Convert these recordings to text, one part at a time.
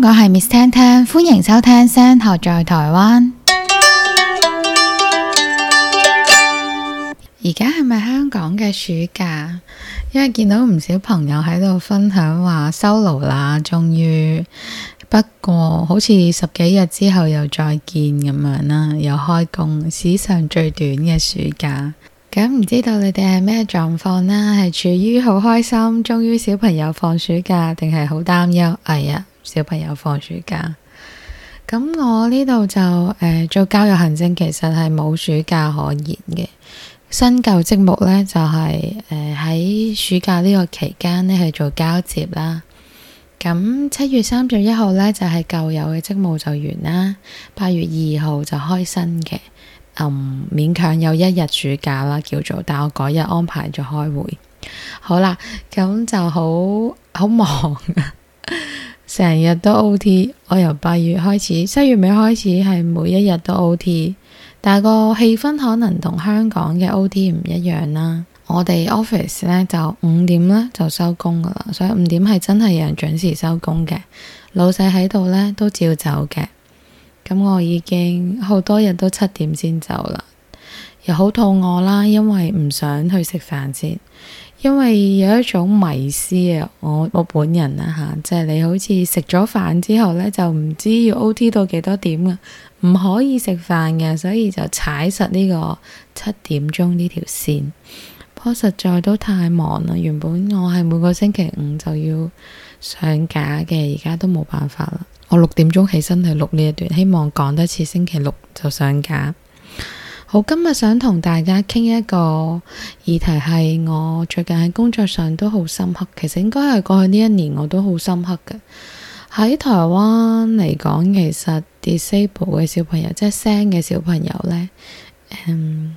我係 Miss 婷婷，歡迎收聽《聲學在台灣》。而家係咪香港嘅暑假？因為見到唔少朋友喺度分享話收爐啦，終於不過好似十幾日之後又再見咁樣啦，又開工，史上最短嘅暑假。咁唔知道你哋係咩狀況啦？係處於好開心，終於小朋友放暑假，定係好擔憂？哎呀！小朋友放暑假，咁我呢度就誒、呃、做教育行政，其實係冇暑假可言嘅。新舊職務呢，就係誒喺暑假呢個期間呢，係做交接啦。咁七月三十一號呢，就係舊有嘅職務就完啦，八月二號就開新嘅。嗯，勉強有一日暑假啦，叫做，但我改日安排咗開會。好啦，咁就好好忙啊。成日都 O.T.，我由八月開始，七月尾開始係每一日都 O.T.，但係個氣氛可能同香港嘅 O.T. 唔一樣啦。我哋 office 呢就五點呢就收工噶啦，所以五點係真係有人準時收工嘅，老細喺度呢都照走嘅。咁我已經好多日都七點先走啦，又好肚餓啦，因為唔想去食飯先。因為有一種迷思啊，我我本人啦嚇、啊，即係你好似食咗飯之後呢，就唔知要 OT 到幾多點噶，唔可以食飯嘅，所以就踩實呢個七點鐘呢條線。不過實在都太忙啦，原本我係每個星期五就要上架嘅，而家都冇辦法啦。我六點鐘起身去錄呢一段，希望講得似星期六就上架。好，今日想同大家傾一個議題，係我最近喺工作上都好深刻。其實應該係過去呢一年，我都好深刻嘅。喺台灣嚟講，其實 disable 嘅小朋友，即係 SEN 嘅小朋友呢，嗯，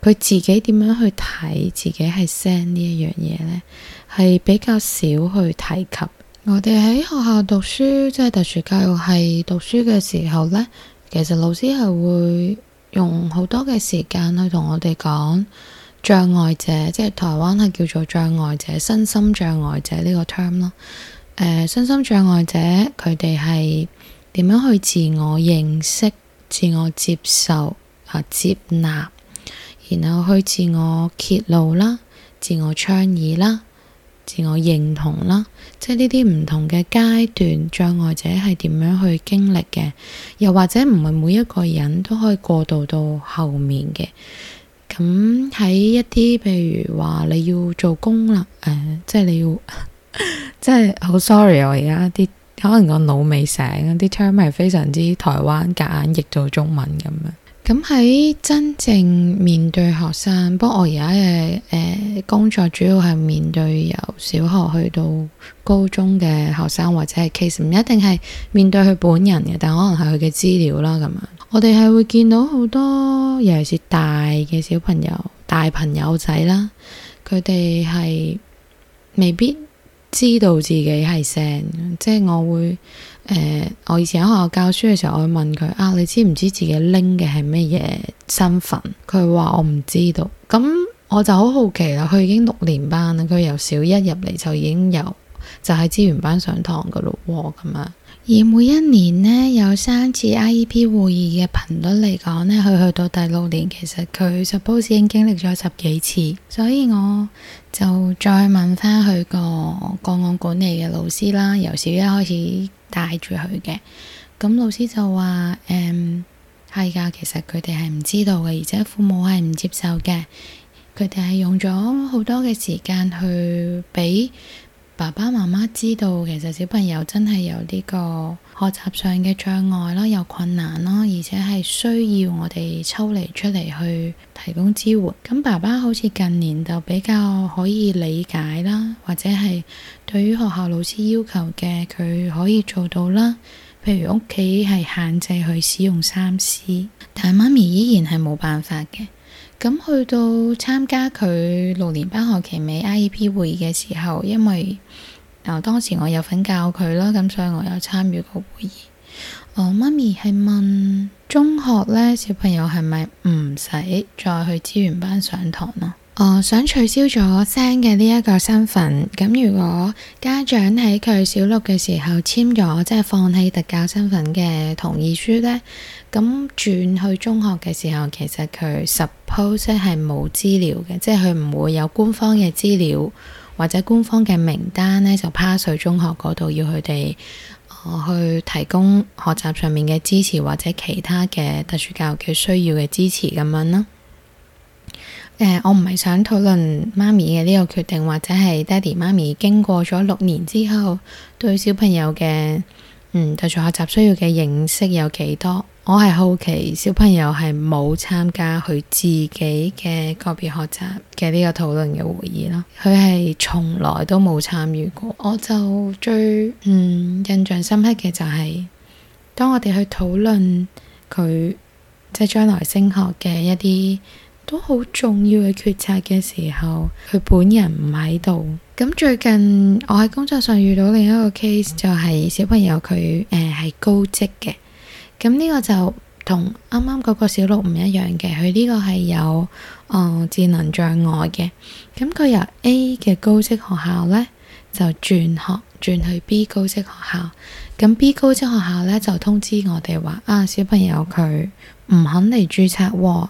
佢自己點樣去睇自己係 SEN 呢一樣嘢呢？係比較少去提及。我哋喺學校讀書，即係特殊教育，係讀書嘅時候呢，其實老師係會。用好多嘅時間去同我哋講障礙者，即係台灣係叫做障礙者、身心障礙者呢個 term 囉。誒，身心障礙者佢哋係點樣去自我認識、自我接受、啊、接納，然後去自我揭露啦、自我倡議啦。自我認同啦，即係呢啲唔同嘅階段障礙者係點樣去經歷嘅？又或者唔係每一個人都可以過渡到後面嘅？咁喺一啲譬如話你要做功能，誒、呃，即係你要，即係好 sorry，我而家啲可能個腦未醒，啲 term 係非常之台灣夾硬譯做中文咁樣。咁喺真正面對學生，不過我而家嘅誒工作主要係面對由小學去到高中嘅學生，或者係 case 唔一定係面對佢本人嘅，但可能係佢嘅資料啦咁樣。我哋係會見到好多尤其是大嘅小朋友、大朋友仔啦，佢哋係未必知道自己係 SEN，即係我會。誒，uh, 我以前喺學校教書嘅時候，我會問佢啊，你知唔知自己拎嘅係咩嘢身份？佢話我唔知道。咁我就好好奇啦。佢已經六年班啦，佢由小一入嚟就已經有就係、是、資源班上堂嘅咯喎，咁、嗯、啊。而每一年呢，有三次 IEP 會議嘅頻率嚟講呢，佢去到第六年其實佢 suppose 已經經歷咗十幾次，所以我就再問翻佢個個案管理嘅老師啦，由小一開始。帶住佢嘅，咁老師就話，誒、嗯，係噶，其實佢哋係唔知道嘅，而且父母係唔接受嘅，佢哋係用咗好多嘅時間去俾。爸爸媽媽知道其實小朋友真係有呢個學習上嘅障礙啦，有困難啦，而且係需要我哋抽離出嚟去提供支援。咁爸爸好似近年就比較可以理解啦，或者係對於學校老師要求嘅佢可以做到啦。譬如屋企係限制佢使用三 C，但媽咪依然係冇辦法嘅。咁去到參加佢六年班學期尾 IEP 會議嘅時候，因為嗱、呃、當時我有份教佢啦，咁所以我有參與過會議。我、哦、媽咪係問中學咧，小朋友係咪唔使再去資源班上堂啦？我、哦、想取消咗 SEN 嘅呢一個身份。咁如果家長喺佢小六嘅時候簽咗即係放棄特教身份嘅同意書呢，咁轉去中學嘅時候，其實佢 suppose 係冇資料嘅，即係佢唔會有官方嘅資料或者官方嘅名單呢，就 pass 水中學嗰度要佢哋、呃、去提供學習上面嘅支持或者其他嘅特殊教育嘅需要嘅支持咁樣啦。誒，我唔係想討論媽咪嘅呢個決定，或者係爹哋媽咪經過咗六年之後對小朋友嘅嗯，特殊學習需要嘅認識有幾多？我係好奇小朋友係冇參加佢自己嘅個別學習嘅呢個討論嘅會議咯，佢係從來都冇參與過。我就最嗯印象深刻嘅就係、是、當我哋去討論佢即係將來升學嘅一啲。都好重要嘅決策嘅時候，佢本人唔喺度。咁最近我喺工作上遇到另一個 case，就係小朋友佢誒係高職嘅。咁呢個就同啱啱嗰個小六唔一樣嘅。佢呢個係有、呃、智能障礙嘅。咁佢由 A 嘅高職學校呢，就轉學。轉去 B 高職學校，咁 B 高職學校呢就通知我哋話啊，小朋友佢唔肯嚟註冊，哦，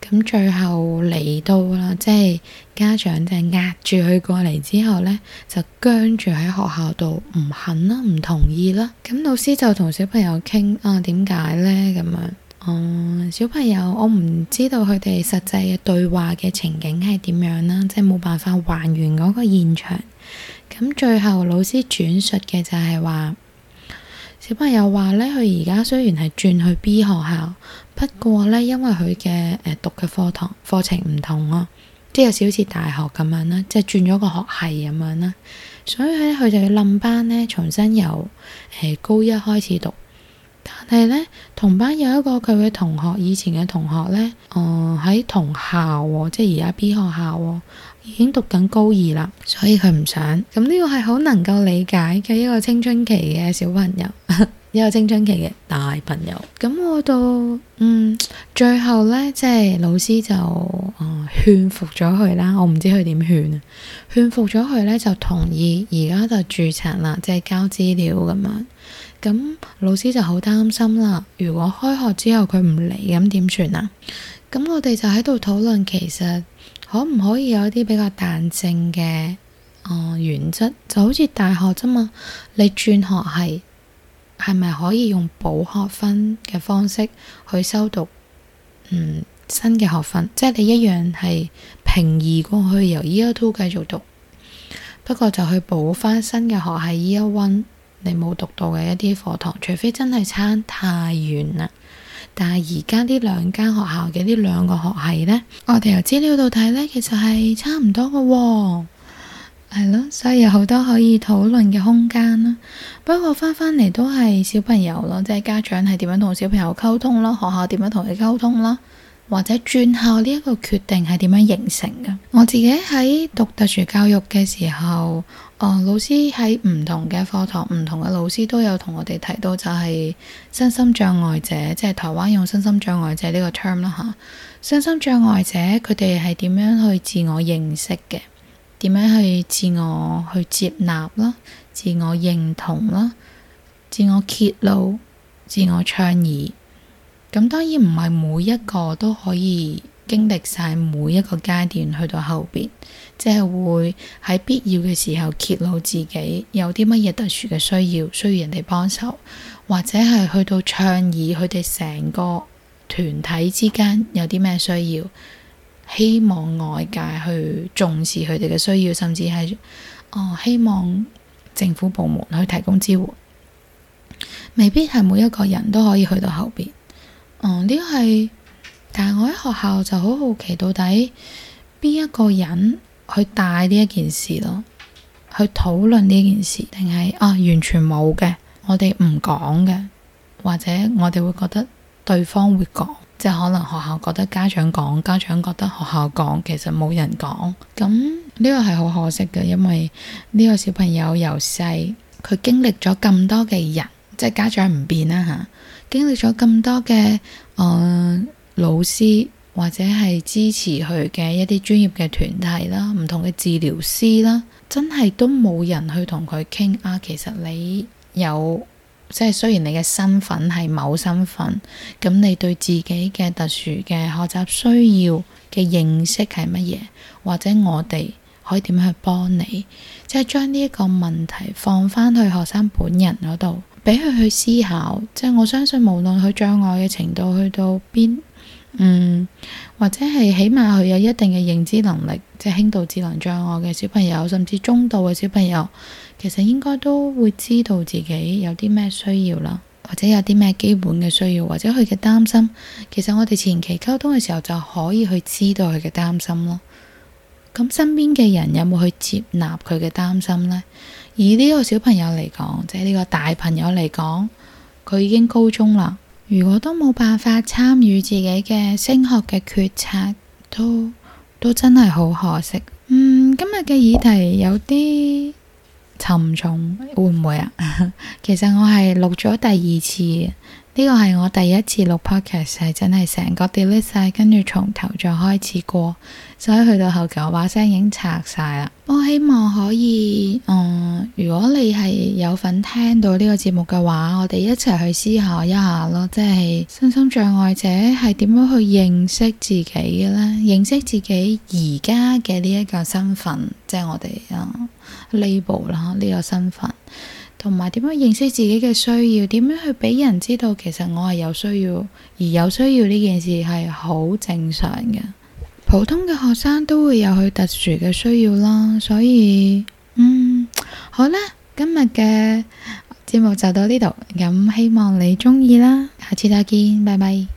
咁最後嚟到啦，即係家長就壓住佢過嚟之後呢，就僵住喺學校度唔肯啦，唔同意啦，咁老師就同小朋友傾啊，點解呢？咁樣？哦、嗯，小朋友，我唔知道佢哋實際嘅對話嘅情景係點樣啦，即係冇辦法還原嗰個現場。咁最後老師轉述嘅就係話，小朋友話咧，佢而家雖然係轉去 B 學校，不過咧，因為佢嘅誒讀嘅課堂課程唔同咯，即係有少少似大學咁樣啦，啊，即係轉咗個學系咁樣啦，啊，所以咧佢就要冧班咧，重新由誒高一開始讀。但係咧，同班有一個佢嘅同學，以前嘅同學咧，誒、呃、喺同校、哦，即係而家 B 學校、哦，已經讀緊高二啦，所以佢唔想。咁、嗯、呢、呢個係好能夠理解嘅一個青春期嘅小朋友呵呵，一個青春期嘅大朋友。咁 我到嗯最後咧，即係老師就、呃、勸服咗佢啦。我唔知佢點勸啊，勸服咗佢咧就同意，而家就注冊啦，即係交資料咁樣。咁老師就好擔心啦。如果開學之後佢唔嚟，咁點算啊？咁我哋就喺度討論，其實可唔可以有啲比較彈性嘅、呃、原則？就好似大學啫嘛，你轉學系係咪可以用補學分嘅方式去修讀嗯新嘅學分？即係你一樣係平移過去由 year two 繼續讀，不過就去補翻新嘅學系 year one。1, 你冇讀到嘅一啲課堂，除非真係差太遠啦。但係而家呢兩間學校嘅呢兩個學系呢，我哋由資料度睇呢，其實係差唔多嘅喎、哦。係咯，所以有好多可以討論嘅空間啦。不過翻返嚟都係小朋友咯，即、就、係、是、家長係點樣同小朋友溝通咯，學校點樣同佢溝通啦。或者轉校呢一個決定係點樣形成嘅？我自己喺讀特殊教育嘅時候，哦、老師喺唔同嘅課堂、唔同嘅老師都有同我哋提到，就係身心障礙者，即係台灣用身心障礙者呢個 term 啦、啊、吓，身心障礙者佢哋係點樣去自我認識嘅？點樣去自我去接納啦？自我認同啦？自我揭露？自我倡議？咁當然唔係每一個都可以經歷晒每一個階段，去到後邊，即係會喺必要嘅時候揭露自己有啲乜嘢特殊嘅需要，需要人哋幫手，或者係去到倡議佢哋成個團體之間有啲咩需要，希望外界去重視佢哋嘅需要，甚至係，哦，希望政府部門去提供支援，未必係每一個人都可以去到後邊。哦，呢個係，但係我喺學校就好好奇到底邊一個人去帶呢一件事咯，去討論呢件事，定係啊完全冇嘅，我哋唔講嘅，或者我哋會覺得對方會講，即係可能學校覺得家長講，家長覺得學校講，其實冇人講，咁呢個係好可惜嘅，因為呢個小朋友由細佢經歷咗咁多嘅人，即係家長唔變啦吓。啊經歷咗咁多嘅，誒、呃、老師或者係支持佢嘅一啲專業嘅團體啦，唔同嘅治療師啦，真係都冇人去同佢傾啊！其實你有，即係雖然你嘅身份係某身份，咁你對自己嘅特殊嘅學習需要嘅認識係乜嘢，或者我哋可以點樣去幫你，即係將呢一個問題放翻去學生本人嗰度。俾佢去思考，即係我相信，無論佢障礙嘅程度去到邊，嗯，或者係起碼佢有一定嘅認知能力，即係輕度智能障礙嘅小朋友，甚至中度嘅小朋友，其實應該都會知道自己有啲咩需要啦，或者有啲咩基本嘅需要，或者佢嘅擔心，其實我哋前期溝通嘅時候就可以去知道佢嘅擔心咯。咁身邊嘅人有冇去接納佢嘅擔心呢？以呢個小朋友嚟講，即係呢個大朋友嚟講，佢已經高中啦。如果都冇辦法參與自己嘅升學嘅決策，都都真係好可惜。嗯，今日嘅議題有啲沉重，會唔會啊？ 其實我係錄咗第二次。呢個係我第一次錄 podcast，係真係成個 delete 晒，跟住從頭再開始過，所以去到後期我把聲已經拆晒啦。我希望可以，嗯，如果你係有份聽到呢個節目嘅話，我哋一齊去思考一下咯，即係身心障礙者係點樣去認識自己嘅呢？認識自己而家嘅呢一個身份，即係我哋啊、呃、label 啦呢個身份。同埋點樣認識自己嘅需要？點樣去畀人知道？其實我係有需要，而有需要呢件事係好正常嘅。普通嘅學生都會有佢特殊嘅需要啦。所以，嗯，好啦，今日嘅節目就到呢度。咁希望你鍾意啦，下次再見，拜拜。